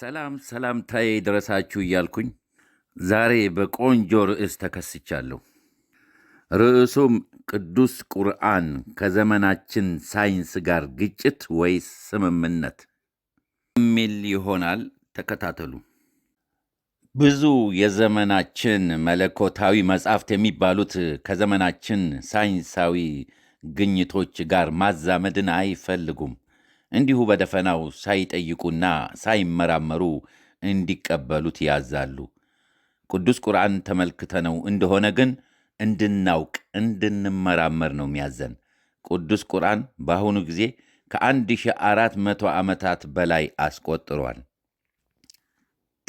ሰላም ሰላምታዬ ይድረሳችሁ እያልኩኝ ዛሬ በቆንጆ ርዕስ ተከስቻለሁ። ርዕሱም ቅዱስ ቁርአን ከዘመናችን ሳይንስ ጋር ግጭት ወይስ ስምምነት የሚል ይሆናል። ተከታተሉ። ብዙ የዘመናችን መለኮታዊ መጻሕፍት የሚባሉት ከዘመናችን ሳይንሳዊ ግኝቶች ጋር ማዛመድን አይፈልጉም። እንዲሁ በደፈናው ሳይጠይቁና ሳይመራመሩ እንዲቀበሉት ያዛሉ። ቅዱስ ቁርአን ተመልክተነው እንደሆነ ግን እንድናውቅ እንድንመራመር ነው የሚያዘን። ቅዱስ ቁርአን በአሁኑ ጊዜ ከ1400 ዓመታት በላይ አስቆጥሯል።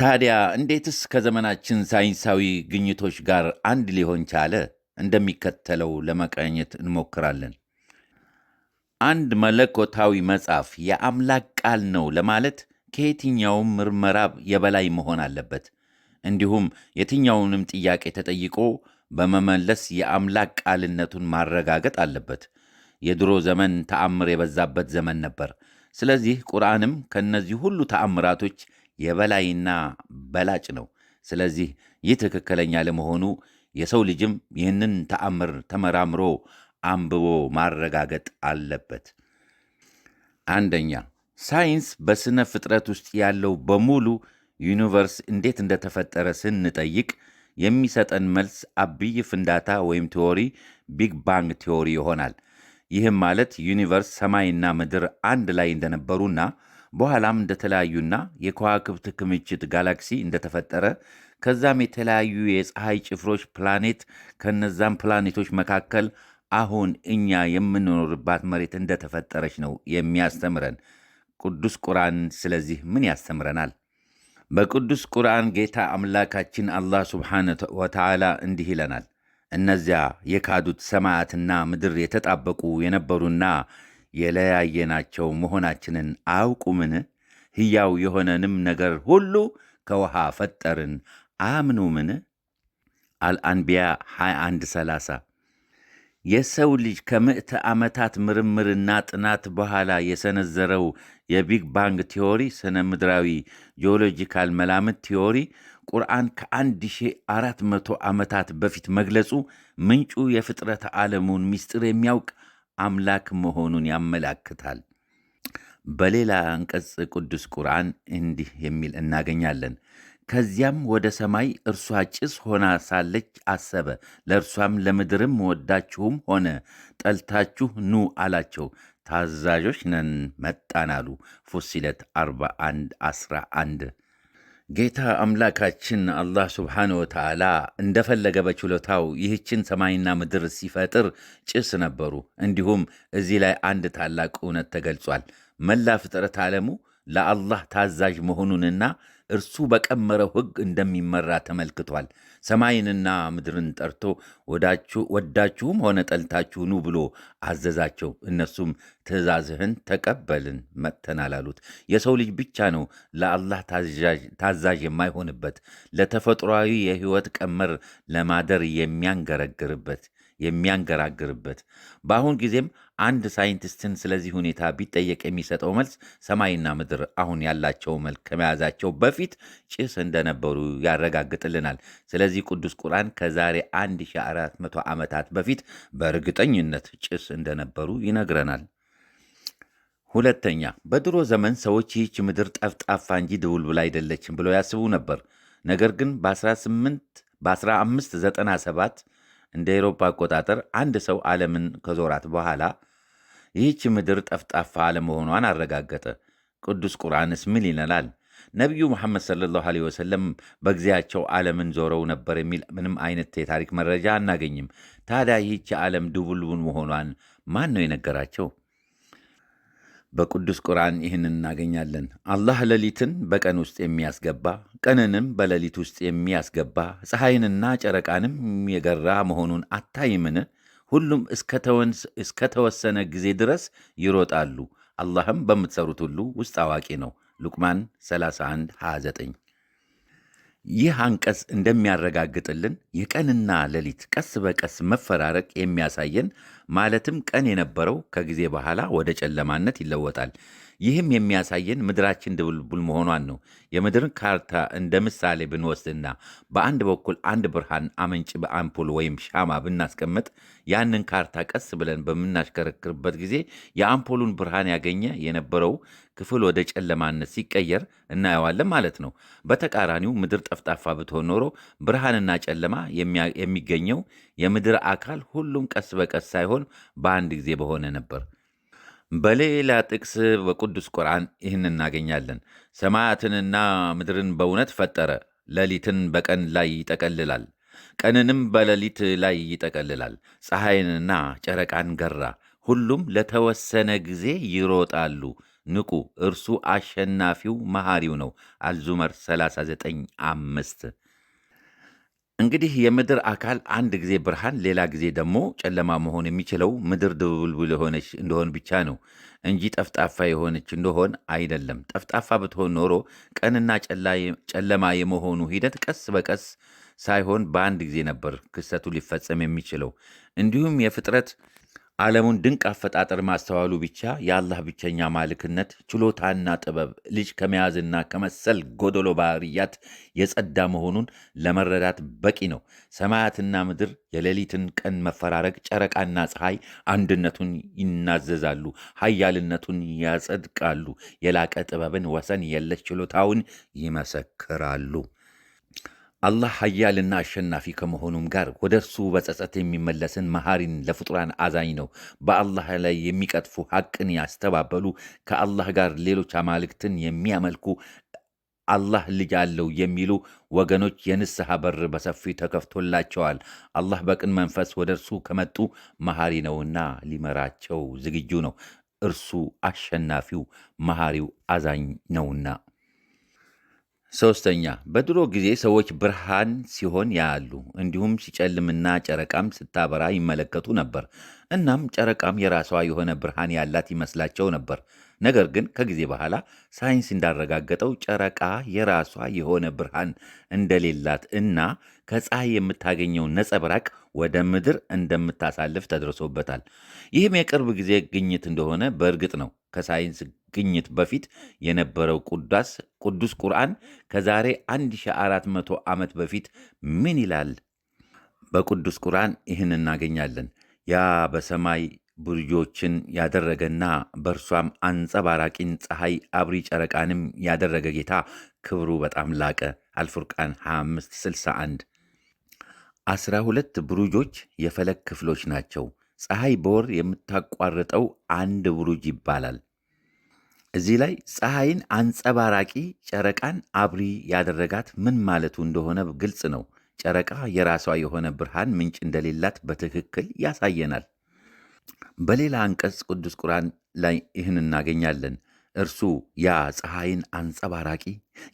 ታዲያ እንዴትስ ከዘመናችን ሳይንሳዊ ግኝቶች ጋር አንድ ሊሆን ቻለ? እንደሚከተለው ለመቃኘት እንሞክራለን። አንድ መለኮታዊ መጽሐፍ የአምላክ ቃል ነው ለማለት ከየትኛውም ምርመራ የበላይ መሆን አለበት። እንዲሁም የትኛውንም ጥያቄ ተጠይቆ በመመለስ የአምላክ ቃልነቱን ማረጋገጥ አለበት። የድሮ ዘመን ተአምር የበዛበት ዘመን ነበር። ስለዚህ ቁርአንም ከእነዚህ ሁሉ ተአምራቶች የበላይና በላጭ ነው። ስለዚህ ይህ ትክክለኛ ለመሆኑ የሰው ልጅም ይህንን ተአምር ተመራምሮ አንብቦ ማረጋገጥ አለበት። አንደኛ ሳይንስ በሥነ ፍጥረት ውስጥ ያለው በሙሉ ዩኒቨርስ እንዴት እንደተፈጠረ ስንጠይቅ የሚሰጠን መልስ አብይ ፍንዳታ ወይም ቲዎሪ ቢግ ባንግ ቲዎሪ ይሆናል። ይህም ማለት ዩኒቨርስ ሰማይና ምድር አንድ ላይ እንደነበሩና በኋላም እንደተለያዩና የከዋክብት ክምችት ጋላክሲ እንደተፈጠረ ከዛም የተለያዩ የፀሐይ ጭፍሮች ፕላኔት ከነዛም ፕላኔቶች መካከል አሁን እኛ የምንኖርባት መሬት እንደተፈጠረች ነው የሚያስተምረን ቅዱስ ቁርአን። ስለዚህ ምን ያስተምረናል? በቅዱስ ቁርአን ጌታ አምላካችን አላህ ስብሓነ ወተዓላ እንዲህ ይለናል። እነዚያ የካዱት ሰማያትና ምድር የተጣበቁ የነበሩና የለያየናቸው መሆናችንን አያውቁምን? ሕያው የሆነንም ነገር ሁሉ ከውሃ ፈጠርን አያምኑምን? አልአንቢያ 21 30 የሰው ልጅ ከምዕተ ዓመታት ምርምርና ጥናት በኋላ የሰነዘረው የቢግ ባንግ ቲዎሪ ስነ ምድራዊ ጂኦሎጂካል መላምት ቲዎሪ ቁርአን ከ1400 ዓመታት በፊት መግለጹ ምንጩ የፍጥረት ዓለሙን ምስጢር የሚያውቅ አምላክ መሆኑን ያመላክታል። በሌላ አንቀጽ ቅዱስ ቁርአን እንዲህ የሚል እናገኛለን። ከዚያም ወደ ሰማይ እርሷ ጭስ ሆና ሳለች አሰበ። ለእርሷም ለምድርም ወዳችሁም ሆነ ጠልታችሁ ኑ አላቸው። ታዛዦች ነን መጣን አሉ። ፉሲለት 41 11 ጌታ አምላካችን አላህ ስብሓን ወተዓላ እንደፈለገ በችሎታው ይህችን ሰማይና ምድር ሲፈጥር ጭስ ነበሩ። እንዲሁም እዚህ ላይ አንድ ታላቅ እውነት ተገልጿል። መላ ፍጥረት ዓለሙ ለአላህ ታዛዥ መሆኑንና እርሱ በቀመረው ሕግ እንደሚመራ ተመልክቷል። ሰማይንና ምድርን ጠርቶ ወዳችሁም ሆነ ጠልታችሁ ኑ ብሎ አዘዛቸው። እነሱም ትእዛዝህን ተቀበልን መጥተናል አሉት። የሰው ልጅ ብቻ ነው ለአላህ ታዛዥ የማይሆንበት፣ ለተፈጥሯዊ የሕይወት ቀመር ለማደር የሚያንገረግርበት የሚያንገራግርበት። በአሁን ጊዜም አንድ ሳይንቲስትን ስለዚህ ሁኔታ ቢጠየቅ የሚሰጠው መልስ ሰማይና ምድር አሁን ያላቸው መልክ ከመያዛቸው በፊት ጭስ እንደነበሩ ያረጋግጥልናል። ስለዚህ ቅዱስ ቁርአን ከዛሬ 1400 ዓመታት በፊት በእርግጠኝነት ጭስ እንደነበሩ ይነግረናል። ሁለተኛ፣ በድሮ ዘመን ሰዎች ይህች ምድር ጠፍጣፋ እንጂ ድቡልቡል አይደለችም ብለው ያስቡ ነበር። ነገር ግን በ1897 እንደ ኤሮፓ አቆጣጠር አንድ ሰው ዓለምን ከዞራት በኋላ ይህች ምድር ጠፍጣፋ አለመሆኗን አረጋገጠ። ቅዱስ ቁርአንስ ምን ይለናል? ነቢዩ መሐመድ ሰለላሁ ዐለይሂ ወሰለም በጊዜያቸው ዓለምን ዞረው ነበር የሚል ምንም አይነት የታሪክ መረጃ አናገኝም። ታዲያ ይህች ዓለም ድቡልቡን መሆኗን ማን ነው የነገራቸው? በቅዱስ ቁርአን ይህን እናገኛለን። አላህ ሌሊትን በቀን ውስጥ የሚያስገባ ቀንንም በሌሊት ውስጥ የሚያስገባ ፀሐይንና ጨረቃንም የገራ መሆኑን አታይምን? ሁሉም እስከተወሰነ ጊዜ ድረስ ይሮጣሉ። አላህም በምትሰሩት ሁሉ ውስጥ አዋቂ ነው። ሉቅማን 29። ይህ አንቀጽ እንደሚያረጋግጥልን የቀንና ሌሊት ቀስ በቀስ መፈራረቅ የሚያሳየን ማለትም ቀን የነበረው ከጊዜ በኋላ ወደ ጨለማነት ይለወጣል። ይህም የሚያሳየን ምድራችን ድብልቡል መሆኗን ነው። የምድርን ካርታ እንደ ምሳሌ ብንወስድና በአንድ በኩል አንድ ብርሃን አመንጭ በአምፖል ወይም ሻማ ብናስቀምጥ ያንን ካርታ ቀስ ብለን በምናሽከረክርበት ጊዜ የአምፖሉን ብርሃን ያገኘ የነበረው ክፍል ወደ ጨለማነት ሲቀየር እናየዋለን ማለት ነው። በተቃራኒው ምድር ጠፍጣፋ ብትሆን ኖሮ ብርሃንና ጨለማ የሚገኘው የምድር አካል ሁሉም ቀስ በቀስ ሳይሆን በአንድ ጊዜ በሆነ ነበር። በሌላ ጥቅስ በቅዱስ ቁርአን ይህን እናገኛለን። ሰማያትንና ምድርን በእውነት ፈጠረ፣ ሌሊትን በቀን ላይ ይጠቀልላል፣ ቀንንም በሌሊት ላይ ይጠቀልላል። ፀሐይንና ጨረቃን ገራ፣ ሁሉም ለተወሰነ ጊዜ ይሮጣሉ። ንቁ፣ እርሱ አሸናፊው መሐሪው ነው። አልዙመር 39 አምስት እንግዲህ የምድር አካል አንድ ጊዜ ብርሃን ሌላ ጊዜ ደግሞ ጨለማ መሆን የሚችለው ምድር ድቡልቡል የሆነች እንደሆን ብቻ ነው እንጂ ጠፍጣፋ የሆነች እንደሆን አይደለም። ጠፍጣፋ ብትሆን ኖሮ ቀንና ጨለማ የመሆኑ ሂደት ቀስ በቀስ ሳይሆን በአንድ ጊዜ ነበር ክስተቱ ሊፈጸም የሚችለው። እንዲሁም የፍጥረት ዓለሙን ድንቅ አፈጣጠር ማስተዋሉ ብቻ የአላህ ብቸኛ ማልክነት ችሎታና ጥበብ ልጅ ከመያዝና ከመሰል ጎደሎ ባህርያት የጸዳ መሆኑን ለመረዳት በቂ ነው። ሰማያትና ምድር የሌሊትን ቀን መፈራረቅ፣ ጨረቃና ፀሐይ አንድነቱን ይናዘዛሉ፣ ሀያልነቱን ያጸድቃሉ፣ የላቀ ጥበብን ወሰን የለሽ ችሎታውን ይመሰክራሉ። አላህ ሀያልና አሸናፊ ከመሆኑም ጋር ወደ እርሱ በጸጸት የሚመለስን መሐሪን ለፍጡራን አዛኝ ነው። በአላህ ላይ የሚቀጥፉ ሐቅን ያስተባበሉ ከአላህ ጋር ሌሎች አማልክትን የሚያመልኩ አላህ ልጅ አለው የሚሉ ወገኖች የንስሐ በር በሰፊ ተከፍቶላቸዋል። አላህ በቅን መንፈስ ወደ እርሱ ከመጡ መሐሪ ነውና ሊመራቸው ዝግጁ ነው። እርሱ አሸናፊው መሐሪው አዛኝ ነውና ሶስተኛ በድሮ ጊዜ ሰዎች ብርሃን ሲሆን ያያሉ፣ እንዲሁም ሲጨልምና ጨረቃም ስታበራ ይመለከቱ ነበር። እናም ጨረቃም የራሷ የሆነ ብርሃን ያላት ይመስላቸው ነበር። ነገር ግን ከጊዜ በኋላ ሳይንስ እንዳረጋገጠው ጨረቃ የራሷ የሆነ ብርሃን እንደሌላት እና ከፀሐይ የምታገኘው ነጸብራቅ ወደ ምድር እንደምታሳልፍ ተደርሶበታል። ይህም የቅርብ ጊዜ ግኝት እንደሆነ በእርግጥ ነው ከሳይንስ ግኝት በፊት የነበረው ቅዱስ ቁርአን ከዛሬ 1400 ዓመት በፊት ምን ይላል? በቅዱስ ቁርአን ይህን እናገኛለን። ያ በሰማይ ብርጆችን ያደረገና በእርሷም አንጸባራቂን ፀሐይ አብሪ ጨረቃንም ያደረገ ጌታ ክብሩ በጣም ላቀ። አልፉርቃን 2561 አስራ ሁለት ብሩጆች የፈለግ ክፍሎች ናቸው። ፀሐይ በወር የምታቋርጠው አንድ ብሩጅ ይባላል። እዚህ ላይ ፀሐይን አንጸባራቂ ጨረቃን አብሪ ያደረጋት ምን ማለቱ እንደሆነ ግልጽ ነው። ጨረቃ የራሷ የሆነ ብርሃን ምንጭ እንደሌላት በትክክል ያሳየናል። በሌላ አንቀጽ ቅዱስ ቁርአን ላይ ይህን እናገኛለን። እርሱ ያ ፀሐይን አንጸባራቂ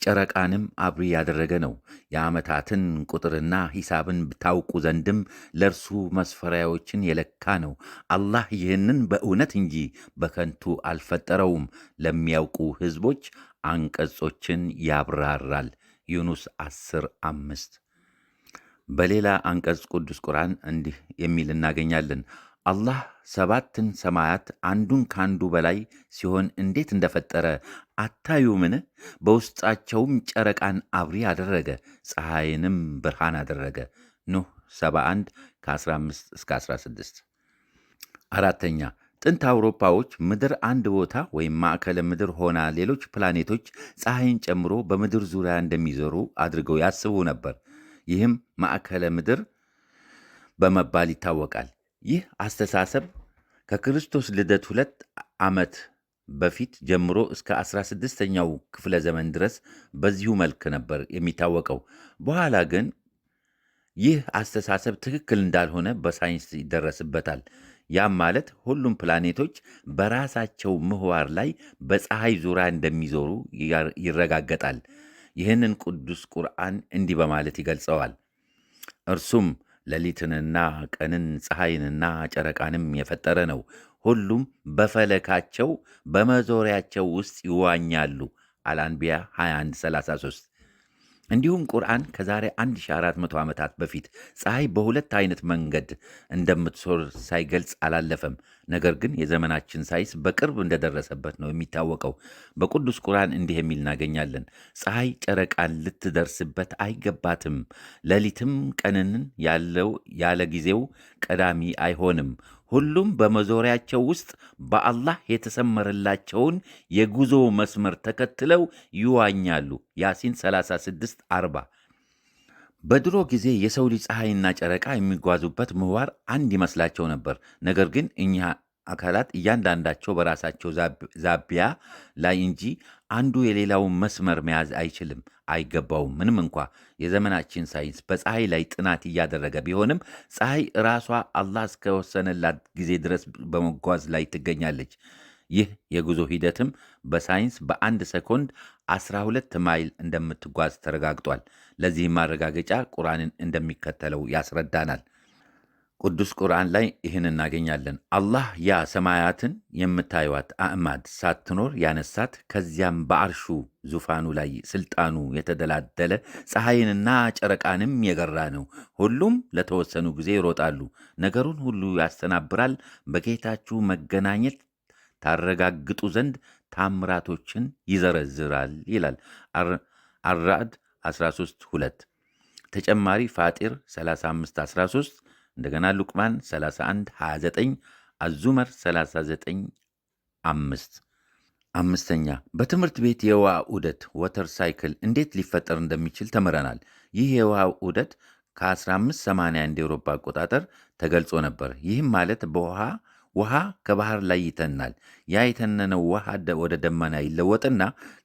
ጨረቃንም አብሪ ያደረገ ነው። የዓመታትን ቁጥርና ሂሳብን ብታውቁ ዘንድም ለእርሱ መስፈሪያዎችን የለካ ነው። አላህ ይህንን በእውነት እንጂ በከንቱ አልፈጠረውም። ለሚያውቁ ሕዝቦች አንቀጾችን ያብራራል። ዩኑስ 10 አምስት በሌላ አንቀጽ ቅዱስ ቁርአን እንዲህ የሚል እናገኛለን አላህ ሰባትን ሰማያት አንዱን ካንዱ በላይ ሲሆን እንዴት እንደፈጠረ አታዩምን? በውስጣቸውም ጨረቃን አብሪ አደረገ፣ ፀሐይንም ብርሃን አደረገ። ኑህ 71 ከ15 እስከ 16። አራተኛ ጥንት አውሮፓዎች ምድር አንድ ቦታ ወይም ማዕከለ ምድር ሆና ሌሎች ፕላኔቶች ፀሐይን ጨምሮ በምድር ዙሪያ እንደሚዞሩ አድርገው ያስቡ ነበር። ይህም ማዕከለ ምድር በመባል ይታወቃል። ይህ አስተሳሰብ ከክርስቶስ ልደት ሁለት ዓመት በፊት ጀምሮ እስከ 16ኛው ክፍለ ዘመን ድረስ በዚሁ መልክ ነበር የሚታወቀው። በኋላ ግን ይህ አስተሳሰብ ትክክል እንዳልሆነ በሳይንስ ይደረስበታል። ያም ማለት ሁሉም ፕላኔቶች በራሳቸው ምህዋር ላይ በፀሐይ ዙሪያ እንደሚዞሩ ይረጋገጣል። ይህንን ቅዱስ ቁርአን እንዲህ በማለት ይገልጸዋል። እርሱም ሌሊትንና ቀንን ፀሐይንና ጨረቃንም የፈጠረ ነው። ሁሉም በፈለካቸው በመዞሪያቸው ውስጥ ይዋኛሉ። አልአንቢያ 2133 እንዲሁም ቁርአን ከዛሬ 1400 ዓመታት በፊት ፀሐይ በሁለት አይነት መንገድ እንደምትሶር ሳይገልጽ አላለፈም። ነገር ግን የዘመናችን ሳይንስ በቅርብ እንደደረሰበት ነው የሚታወቀው። በቅዱስ ቁርአን እንዲህ የሚል እናገኛለን። ፀሐይ ጨረቃን ልትደርስበት አይገባትም፣ ሌሊትም ቀንን ያለው ያለ ጊዜው ቀዳሚ አይሆንም። ሁሉም በመዞሪያቸው ውስጥ በአላህ የተሰመረላቸውን የጉዞ መስመር ተከትለው ይዋኛሉ። ያሲን 36 40 በድሮ ጊዜ የሰው ልጅ ፀሐይና ጨረቃ የሚጓዙበት ምህዋር አንድ ይመስላቸው ነበር። ነገር ግን እኚህ አካላት እያንዳንዳቸው በራሳቸው ዛቢያ ላይ እንጂ አንዱ የሌላውን መስመር መያዝ አይችልም፣ አይገባውም። ምንም እንኳ የዘመናችን ሳይንስ በፀሐይ ላይ ጥናት እያደረገ ቢሆንም ፀሐይ ራሷ አላህ እስከወሰነላት ጊዜ ድረስ በመጓዝ ላይ ትገኛለች። ይህ የጉዞ ሂደትም በሳይንስ በአንድ ሰኮንድ 12 ማይል እንደምትጓዝ ተረጋግጧል። ለዚህም ማረጋገጫ ቁርአንን እንደሚከተለው ያስረዳናል። ቅዱስ ቁርአን ላይ ይህን እናገኛለን። አላህ ያ ሰማያትን የምታዩዋት አእማድ ሳትኖር ያነሳት ከዚያም በአርሹ ዙፋኑ ላይ ስልጣኑ የተደላደለ ፀሐይንና ጨረቃንም የገራ ነው። ሁሉም ለተወሰኑ ጊዜ ይሮጣሉ፣ ነገሩን ሁሉ ያስተናብራል። በጌታችሁ መገናኘት ታረጋግጡ ዘንድ ታምራቶችን ይዘረዝራል ይላል። 13 132 ተጨማሪ ፋጢር 3513 እንደገና ሉቅማን 3129 አዙመር 5 አምስተኛ በትምህርት ቤት የውሃ ዑደት ወተር ሳይክል እንዴት ሊፈጠር እንደሚችል ተምረናል። ይህ የውሃ ዑደት ከ1581 እንደ ኤሮፓ አቆጣጠር ተገልጾ ነበር። ይህም ማለት በውሃ ውሃ ከባህር ላይ ይተናል። ያ የተነነው ውሃ ወደ ደመና ይለወጥና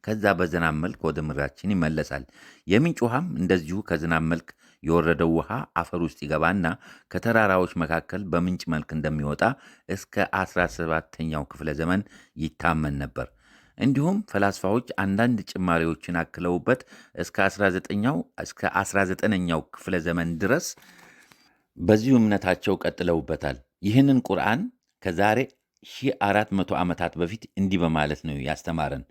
ከዛ በዝናብ መልክ ወደ ምድራችን ይመለሳል። የምንጭ ውሃም እንደዚሁ ከዝናብ መልክ የወረደው ውሃ አፈር ውስጥ ይገባና ከተራራዎች መካከል በምንጭ መልክ እንደሚወጣ እስከ 17ኛው ክፍለ ዘመን ይታመን ነበር። እንዲሁም ፈላስፋዎች አንዳንድ ጭማሪዎችን አክለውበት እስከ 19ኛው እስከ 19ኛው ክፍለ ዘመን ድረስ በዚሁ እምነታቸው ቀጥለውበታል። ይህንን ቁርአን ከዛሬ መቶ ዓመታት በፊት እንዲህ በማለት ነው ያስተማረን።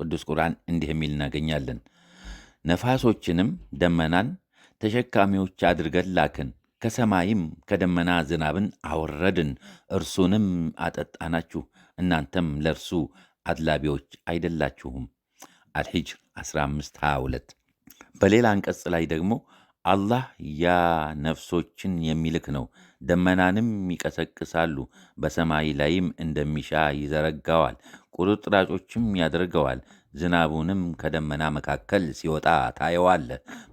ቅዱስ ቁርአን እንዲህ የሚል እናገኛለን። ነፋሶችንም ደመናን ተሸካሚዎች አድርገን ላክን፣ ከሰማይም ከደመና ዝናብን አወረድን፣ እርሱንም አጠጣናችሁ፣ እናንተም ለእርሱ አድላቢዎች አይደላችሁም። አልሂጅር 1522 በሌላ አንቀጽ ላይ ደግሞ አላህ ያ ነፍሶችን የሚልክ ነው። ደመናንም ይቀሰቅሳሉ፣ በሰማይ ላይም እንደሚሻ ይዘረጋዋል፣ ቁርጥራጮችም ያደርገዋል። ዝናቡንም ከደመና መካከል ሲወጣ ታየዋለ።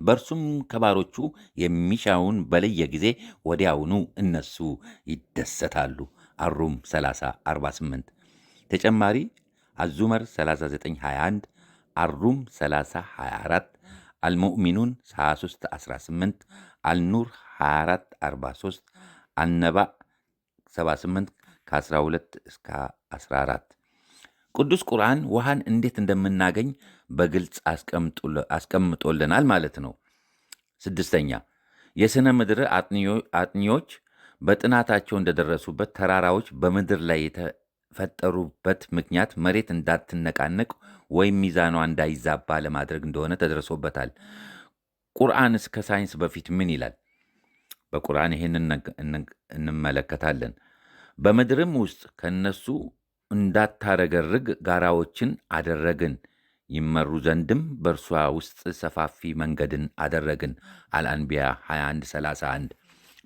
በእርሱም ከባሮቹ የሚሻውን በለየ ጊዜ ወዲያውኑ እነሱ ይደሰታሉ። አሩም 348 ተጨማሪ አዙመር 3921 አሩም 324። አልሙእሚኑን 23 18 አልኑር 24 43 አነባ 78 ከ12 እስከ 14 ቅዱስ ቁርአን ውሃን እንዴት እንደምናገኝ በግልጽ አስቀምጦልናል ማለት ነው። ስድስተኛ የሥነ ምድር አጥኚዎች በጥናታቸው እንደደረሱበት ተራራዎች በምድር ላይ ፈጠሩበት ምክንያት መሬት እንዳትነቃነቅ ወይም ሚዛኗ እንዳይዛባ ለማድረግ እንደሆነ ተደርሶበታል። ቁርአንስ ከሳይንስ በፊት ምን ይላል? በቁርአን ይህን እንመለከታለን። በምድርም ውስጥ ከነሱ እንዳታረገርግ ጋራዎችን አደረግን ይመሩ ዘንድም በእርሷ ውስጥ ሰፋፊ መንገድን አደረግን። አልአንቢያ 2131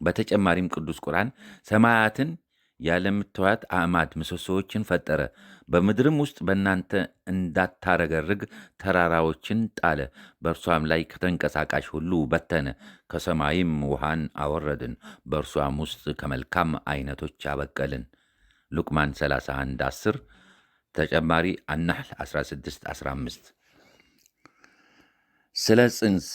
በተጨማሪም ቅዱስ ቁርአን ሰማያትን ያለምትዋት አዕማድ ምሰሶዎችን ፈጠረ። በምድርም ውስጥ በእናንተ እንዳታረገርግ ተራራዎችን ጣለ። በእርሷም ላይ ከተንቀሳቃሽ ሁሉ በተነ። ከሰማይም ውሃን አወረድን፣ በእርሷም ውስጥ ከመልካም አይነቶች አበቀልን። ሉቅማን 31 10 ተጨማሪ አናህል 16 15 ስለ ጽንስ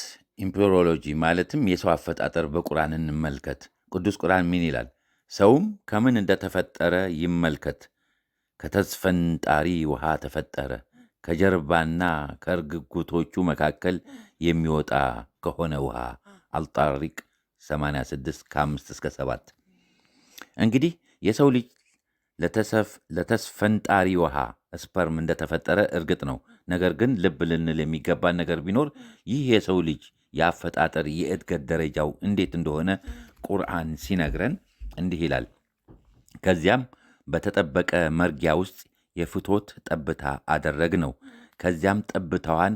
ኢምፕሮሎጂ ማለትም የሰው አፈጣጠር በቁርአን እንመልከት። ቅዱስ ቁርአን ምን ይላል? ሰውም ከምን እንደተፈጠረ ይመልከት። ከተስፈንጣሪ ውሃ ተፈጠረ፣ ከጀርባና ከእርግጉቶቹ መካከል የሚወጣ ከሆነ ውሃ። አልጣሪቅ 86 ከ5 እስከ 7። እንግዲህ የሰው ልጅ ለተስፈንጣሪ ውሃ ስፐርም እንደተፈጠረ እርግጥ ነው። ነገር ግን ልብ ልንል የሚገባን ነገር ቢኖር ይህ የሰው ልጅ የአፈጣጠር የእድገት ደረጃው እንዴት እንደሆነ ቁርአን ሲነግረን እንዲህ ይላል። ከዚያም በተጠበቀ መርጊያ ውስጥ የፍቶት ጠብታ አደረግ ነው። ከዚያም ጠብታዋን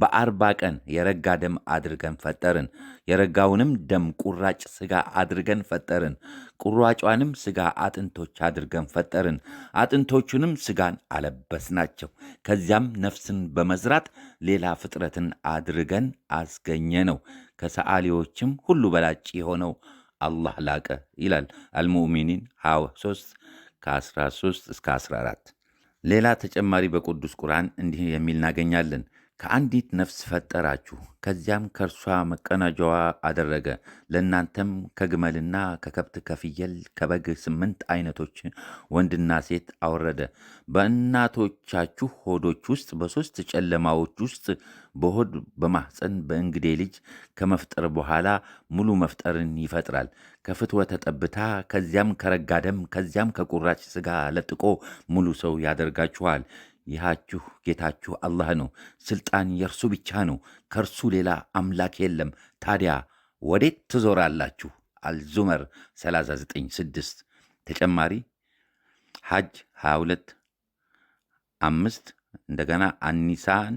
በአርባ ቀን የረጋ ደም አድርገን ፈጠርን። የረጋውንም ደም ቁራጭ ስጋ አድርገን ፈጠርን። ቁራጯንም ስጋ አጥንቶች አድርገን ፈጠርን። አጥንቶቹንም ስጋን አለበስናቸው። ከዚያም ነፍስን በመዝራት ሌላ ፍጥረትን አድርገን አስገኘ ነው። ከሰዓሊዎችም ሁሉ በላጭ የሆነው አላህ ላቀ ይላል አልሙእሚኒን ሐዋ 3 ከ13 እስከ 14። ሌላ ተጨማሪ በቅዱስ ቁርአን እንዲህ የሚል እናገኛለን። ከአንዲት ነፍስ ፈጠራችሁ፣ ከዚያም ከእርሷ መቀነጃዋ አደረገ። ለእናንተም ከግመልና ከከብት ከፍየል ከበግ ስምንት አይነቶች ወንድና ሴት አወረደ። በእናቶቻችሁ ሆዶች ውስጥ በሦስት ጨለማዎች ውስጥ በሆድ በማኅፀን በእንግዴ ልጅ ከመፍጠር በኋላ ሙሉ መፍጠርን ይፈጥራል። ከፍትወተ ጠብታ ከዚያም ከረጋ ደም ከዚያም ከቁራጭ ሥጋ ለጥቆ ሙሉ ሰው ያደርጋችኋል። ይሃችሁ ጌታችሁ አላህ ነው። ስልጣን የእርሱ ብቻ ነው። ከእርሱ ሌላ አምላክ የለም። ታዲያ ወዴት ትዞራላችሁ? አልዙመር 396 ተጨማሪ ሐጅ 22 አምስት እንደገና አኒሳን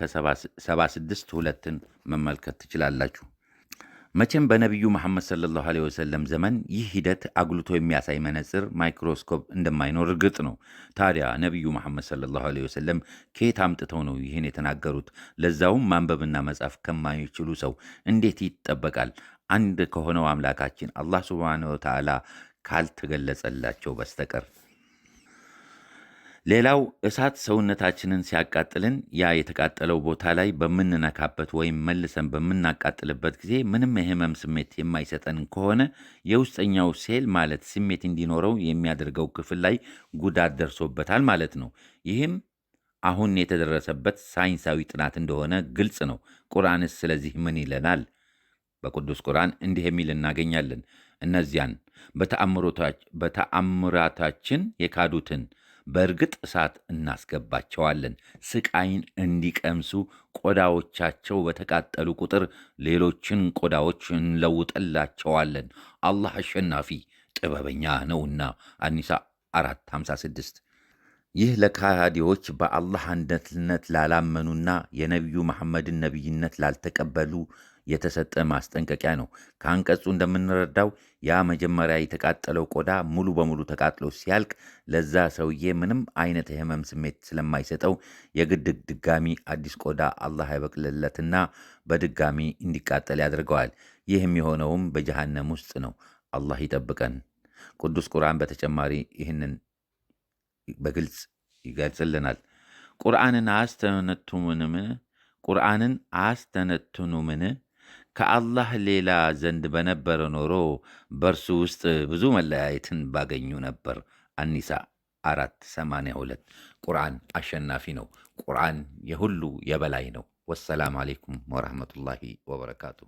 ከ76 ሁለትን መመልከት ትችላላችሁ። መቼም በነቢዩ መሐመድ ሰለላሁ ዐለይሂ ወሰለም ዘመን ይህ ሂደት አጉልቶ የሚያሳይ መነጽር ማይክሮስኮፕ እንደማይኖር እርግጥ ነው። ታዲያ ነቢዩ መሐመድ ሰለላሁ ዐለይሂ ወሰለም ከየት አምጥተው ነው ይህን የተናገሩት? ለዛውም ማንበብና መጻፍ ከማይችሉ ሰው እንዴት ይጠበቃል? አንድ ከሆነው አምላካችን አላህ ሱብሓነሁ ወተዓላ ካልተገለጸላቸው በስተቀር ሌላው እሳት ሰውነታችንን ሲያቃጥልን ያ የተቃጠለው ቦታ ላይ በምንነካበት ወይም መልሰን በምናቃጥልበት ጊዜ ምንም የህመም ስሜት የማይሰጠን ከሆነ የውስጠኛው ሴል ማለት ስሜት እንዲኖረው የሚያደርገው ክፍል ላይ ጉዳት ደርሶበታል ማለት ነው። ይህም አሁን የተደረሰበት ሳይንሳዊ ጥናት እንደሆነ ግልጽ ነው። ቁርአንስ ስለዚህ ምን ይለናል? በቅዱስ ቁርአን እንዲህ የሚል እናገኛለን። እነዚያን በተአምራታችን የካዱትን በእርግጥ እሳት እናስገባቸዋለን። ስቃይን እንዲቀምሱ ቆዳዎቻቸው በተቃጠሉ ቁጥር ሌሎችን ቆዳዎች እንለውጠላቸዋለን። አላህ አሸናፊ ጥበበኛ ነውና። አኒሳ 456 ይህ ለካሃዲዎች በአላህ አንድነት ላላመኑና የነቢዩ መሐመድን ነቢይነት ላልተቀበሉ የተሰጠ ማስጠንቀቂያ ነው። ከአንቀጹ እንደምንረዳው ያ መጀመሪያ የተቃጠለው ቆዳ ሙሉ በሙሉ ተቃጥሎ ሲያልቅ ለዛ ሰውዬ ምንም አይነት የህመም ስሜት ስለማይሰጠው የግድ ድጋሚ አዲስ ቆዳ አላህ ያበቅልለትና በድጋሚ እንዲቃጠል ያደርገዋል። ይህ የሚሆነውም በጀሃነም ውስጥ ነው። አላህ ይጠብቀን። ቅዱስ ቁርአን በተጨማሪ ይህንን በግልጽ ይገልጽልናል። ቁርአንን አስተነትኑምን ቁርአንን አስተነትኑምን ከአላህ ሌላ ዘንድ በነበረ ኖሮ በእርሱ ውስጥ ብዙ መለያየትን ባገኙ ነበር። አኒሳ 482 ቁርአን አሸናፊ ነው። ቁርአን የሁሉ የበላይ ነው። ወሰላም አሌይኩም ወረህመቱላሂ ወበረካቱ።